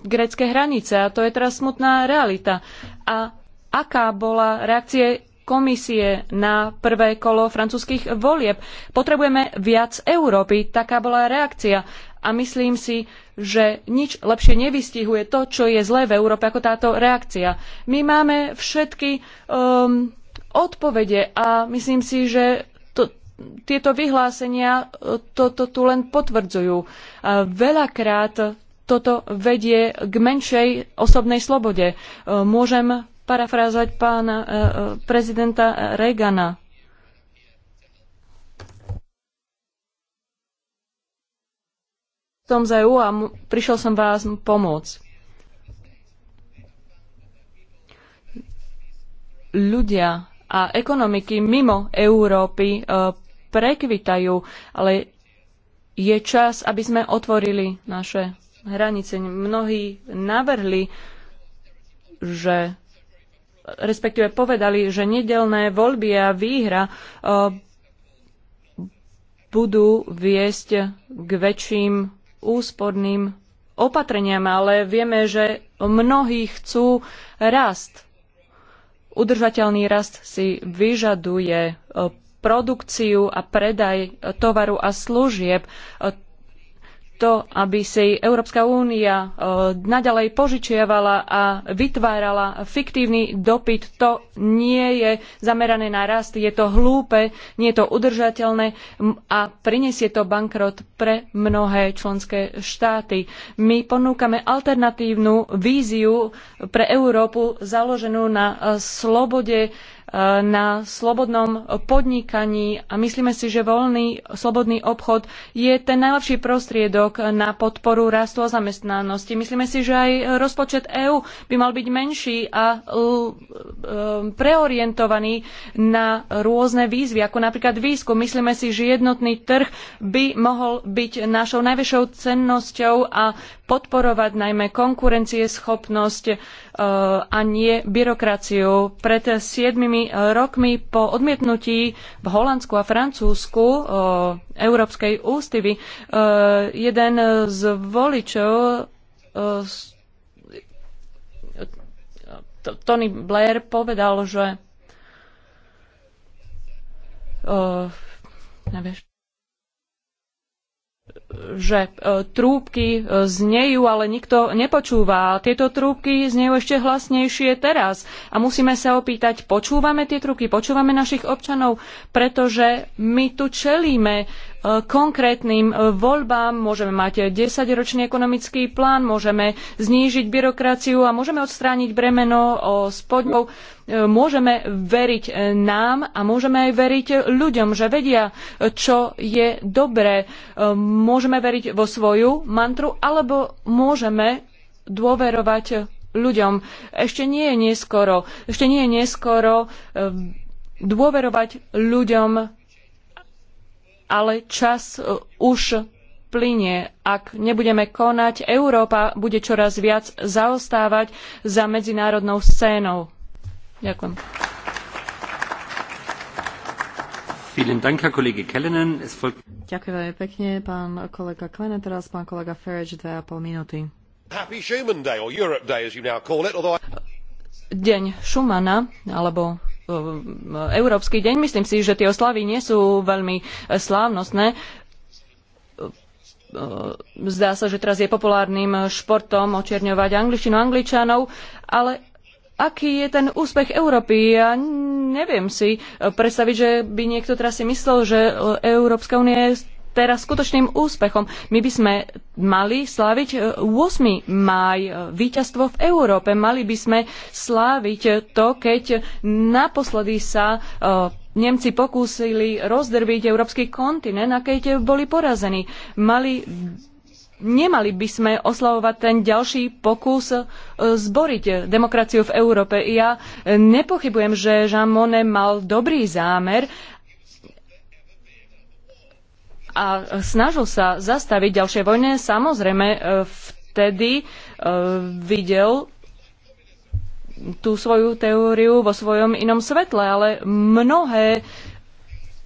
grécké hranice. A to je teraz smutná realita. A aká bola reakcie komisie na prvé kolo francúzskych volieb. Potrebujeme viac Európy, taká bola reakcia a myslím si, že nič lepšie nevystihuje to, čo je zlé v Európe, ako táto reakcia. My máme všetky um, odpovede a myslím si, že to, tieto vyhlásenia uh, toto to tu len potvrdzujú. A uh, veľakrát toto vedie k menšej osobnej slobode. Uh, môžem parafrázovať pána prezidenta Reagana Tom z EU a prišiel som vás pomôcť. Ľudia a ekonomiky mimo Európy e, prekvitajú, ale je čas, aby sme otvorili naše hranice. Mnohí navrhli, že respektíve povedali, že nedelné voľby a výhra e, budú viesť k väčším úsporným opatreniam, ale vieme, že mnohí chcú rast. Udržateľný rast si vyžaduje eh, produkciu a predaj tovaru a služieb. Eh, to, aby si Európska únia e, naďalej požičiavala a vytvárala fiktívny dopyt, to nie je zamerané na rast, je to hlúpe, nie je to udržateľné a prinesie to bankrot pre mnohé členské štáty. My ponúkame alternatívnu víziu pre Európu založenú na e, slobode, na slobodnom podnikaní a myslíme si, že voľný slobodný obchod je ten najlepší prostriedok na podporu rastu a zamestnanosti. Myslíme si, že aj rozpočet EÚ by mal byť menší a preorientovaný na rôzne výzvy, ako napríklad výskum. Myslíme si, že jednotný trh by mohol byť našou najväčšou cennosťou a podporovať najmä konkurencieschopnosť e, a nie byrokraciu. Pred siedmimi niekoľkými eh, rokmi po odmietnutí v Holandsku a Francúzsku eh, Európskej ústavy eh, jeden z voličov Tony Blair povedal, že nevieš, že e, trúbky e, znejú, ale nikto nepočúva. Tieto trúbky znejú ešte hlasnejšie teraz. A musíme sa opýtať, počúvame tie trúbky, počúvame našich občanov, pretože my tu čelíme konkrétnym e, voľbám, môžeme mať desaťročný ekonomický plán, môžeme znížiť byrokraciu a môžeme odstrániť bremeno z podnikov. E, môžeme veriť e, nám a môžeme aj veriť ľuďom, že vedia, čo je dobré. Môžeme veriť vo svoju mantru alebo môžeme dôverovať ľuďom. Ešte nie je neskoro. Ešte nie je neskoro dôverovať ľuďom ale čas e, už plynie. Ak nebudeme konať, Európa bude čoraz viac zaostávať za medzinárodnou scénou. Ďakujem. Ďakujem veľmi pekne, pán kolega Teraz pán kolega dve a pol minúty. Deň Schumana, alebo Eh, Európsky deň. Myslím si, že tie oslavy nie sú veľmi eh, slávnostné. Eh, zdá sa, že teraz je populárnym športom očierňovať angličtinu angličanov, ale aký je ten úspech Európy? Ja neviem si predstaviť, že by niekto teraz si myslel, že Európska únia je teraz skutočným úspechom. My by sme mali sláviť 8. E, máj, e, víťazstvo v Európe. Mali by sme sláviť to, keď naposledy sa e, Nemci pokúsili rozdrviť európsky kontinent a keď boli porazení. Mali Nemali by sme oslavovať ten ďalší pokus zboriť demokraciu v Európe. Ja nepochybujem, že Jean Monnet mal dobrý zámer, a snažil sa zastaviť ďalšie vojne. Samozrejme, e, vtedy e, videl tú svoju teóriu vo svojom inom svetle, ale mnohé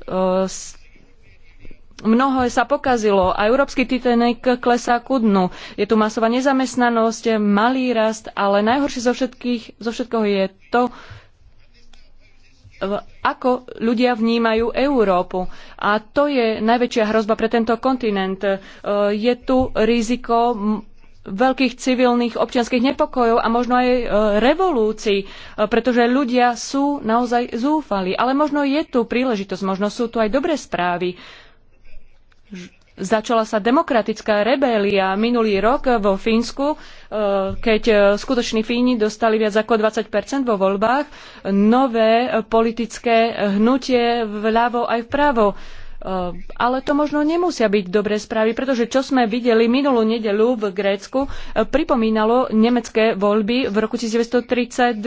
e, Mnoho sa pokazilo a európsky Titanic klesá ku dnu. Je tu masová nezamestnanosť, malý rast, ale najhoršie zo, všetkých, zo všetkého je to, ako ľudia vnímajú Európu. A to je najväčšia hrozba pre tento kontinent. E, je tu riziko veľkých civilných občianskych nepokojov a možno aj e, revolúcií, e, pretože ľudia sú naozaj zúfali. Ale možno je tu príležitosť, možno sú tu aj dobré správy Začala sa demokratická rebélia minulý rok vo Fínsku, e, keď e, skutoční Fíni dostali viac ako 20 vo voľbách. Nové politické hnutie vľavo aj vpravo. E, ale to možno nemusia byť dobré správy, pretože čo sme videli minulú nedeľu v Grécku, pripomínalo nemecké voľby v roku 1932.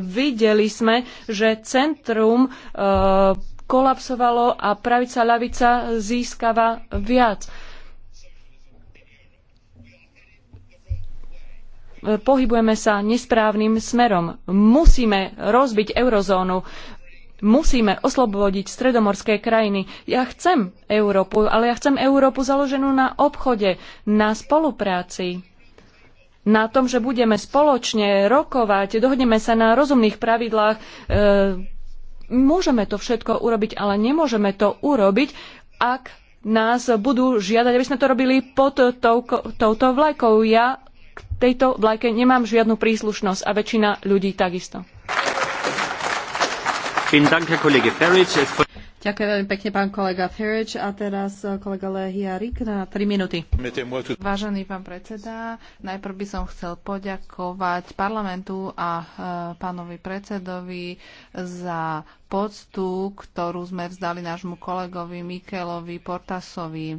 Videli sme, že centrum kolapsovalo a pravica ľavica získava viac. Pohybujeme sa nesprávnym smerom. Musíme rozbiť eurozónu. Musíme oslobodiť stredomorské krajiny. Ja chcem Európu, ale ja chcem Európu založenú na obchode, na spolupráci na tom, že budeme spoločne rokovať, dohodneme sa na rozumných pravidlách, e, Môžeme to všetko urobiť, ale nemôžeme to urobiť, ak nás budú žiadať, aby sme to robili pod touto vlajkou. Ja k tejto vlajke nemám žiadnu príslušnosť a väčšina ľudí takisto. Ďakujem veľmi pekne, pán kolega Ferič A teraz eh, kolega Rik na 3 minúty. Vážený pán predseda, najprv by som chcel poďakovať parlamentu a eh, pánovi predsedovi za poctu, ktorú sme vzdali nášmu kolegovi Mikelovi Portasovi. E,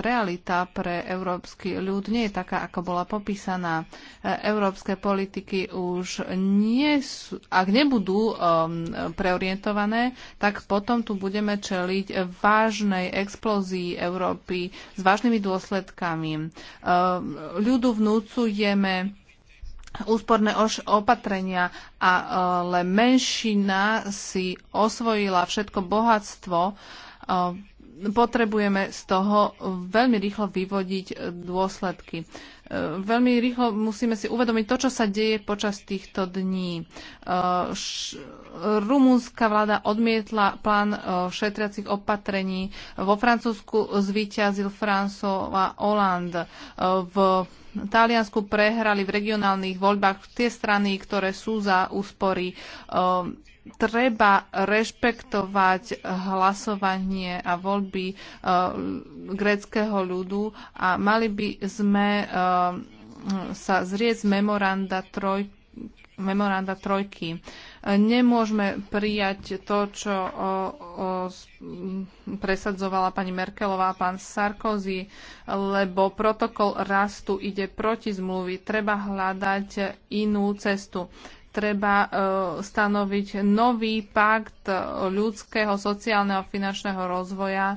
realita pre európsky ľud nie je taká, ako bola popísaná. E, európske politiky už nie sú, ak nebudú e, preorientované, tak potom tu budeme čeliť vážnej explózii Európy s vážnymi dôsledkami. Ľudu vnúcujeme úsporné opatrenia, ale menšina si osvojila všetko bohatstvo, eh, potrebujeme z toho veľmi rýchlo vyvodiť eh, dôsledky. Eh, veľmi rýchlo musíme si uvedomiť to, čo sa deje počas týchto dní. Rumúnska vláda odmietla plán šetriacich opatrení. Vo Francúzsku zvíťazil François Hollande. V Taliansku prehrali v regionálnych voľbách tie strany, ktoré sú za úspory. Ehm, treba rešpektovať hlasovanie a voľby um, gréckého ľudu a mali by sme ehm, sa zrieť z memoranda trojky memoranda trojky. Nemôžeme prijať to, čo o, o, presadzovala pani Merkelová a pán Sarkozy, lebo protokol rastu ide proti zmluvy. Treba hľadať inú cestu treba e, stanoviť nový pakt ľudského, sociálneho a finančného rozvoja. E,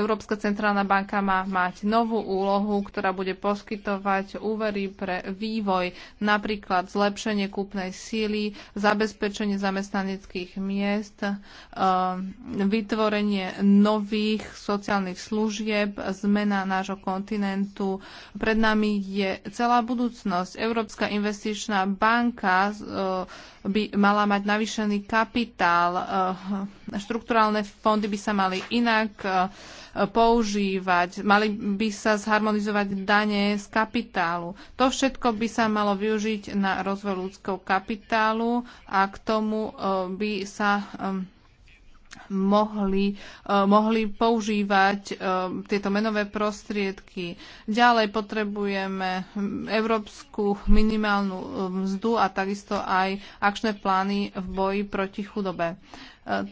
Európska centrálna banka má mať novú úlohu, ktorá bude poskytovať úvery pre vývoj, napríklad zlepšenie kúpnej síly, zabezpečenie zamestnaneckých miest, e, vytvorenie nových sociálnych služieb, zmena nášho kontinentu. Pred nami je celá budúcnosť. Európska investičná banka E, by mala mať navýšený kapitál. E, Štrukturálne fondy by sa mali inak e, používať, mali by sa zharmonizovať dane z kapitálu. To všetko by sa malo využiť na rozvoj ľudského kapitálu a k tomu by sa mohli, eh, mohli používať eh, tieto menové prostriedky. Ďalej potrebujeme európsku minimálnu eh, mzdu a takisto aj akčné plány v boji proti chudobe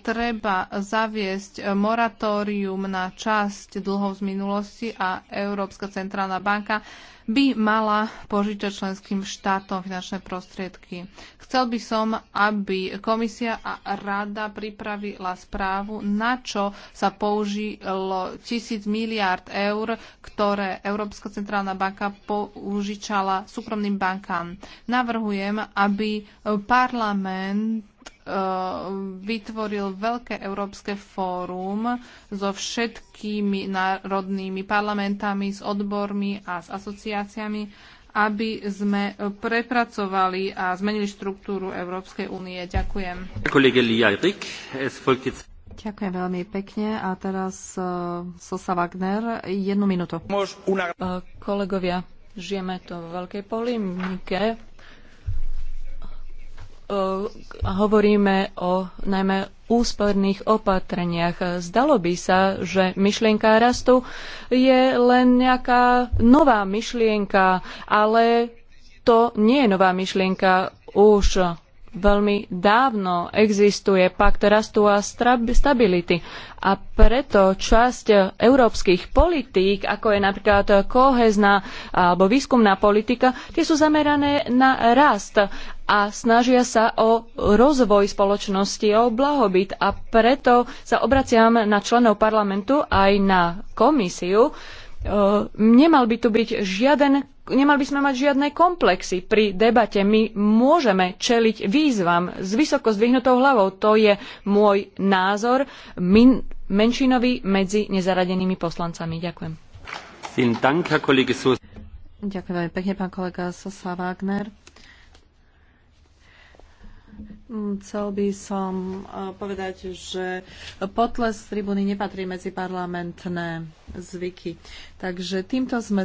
treba zaviesť moratórium na časť dlhov z minulosti a Európska centrálna banka by mala požičať členským štátom finančné prostriedky. Chcel by som, aby komisia a rada pripravila správu, na čo sa použilo tisíc miliard eur, ktoré Európska centrálna banka použičala súkromným bankám. Navrhujem, aby parlament Eh, vytvoril veľké európske fórum so všetkými národnými parlamentami, s odbormi a s asociáciami, aby sme prepracovali a zmenili štruktúru Európskej únie. Ďakujem. Ďakujem veľmi pekne. A teraz uh, Sosa Wagner, jednu minútu. Uh, kolegovia, žijeme to v veľkej polimike Eh, hovoríme o najmä úsporných opatreniach. Zdalo by sa, že myšlienka rastu je len nejaká nová myšlienka, ale to nie je nová myšlienka už veľmi dávno existuje pakt rastu a stability. A preto časť európskych politík, ako je napríklad kohezná alebo výskumná politika, tie sú zamerané na rast a snažia sa o rozvoj spoločnosti, o blahobyt. A preto sa obraciam na členov parlamentu aj na komisiu, e, nemal by tu byť žiaden nemali by sme mať žiadne komplexy pri debate. My môžeme čeliť výzvam s vysoko zdvihnutou hlavou. To je môj názor min, menšinový medzi nezaradenými poslancami. Ďakujem. Ďakujem veľmi pekne, pán kolega Sosa Wagner. Mm, chcel by som e, povedať, že potles z tribúny nepatrí medzi parlamentné zvyky. Takže týmto sme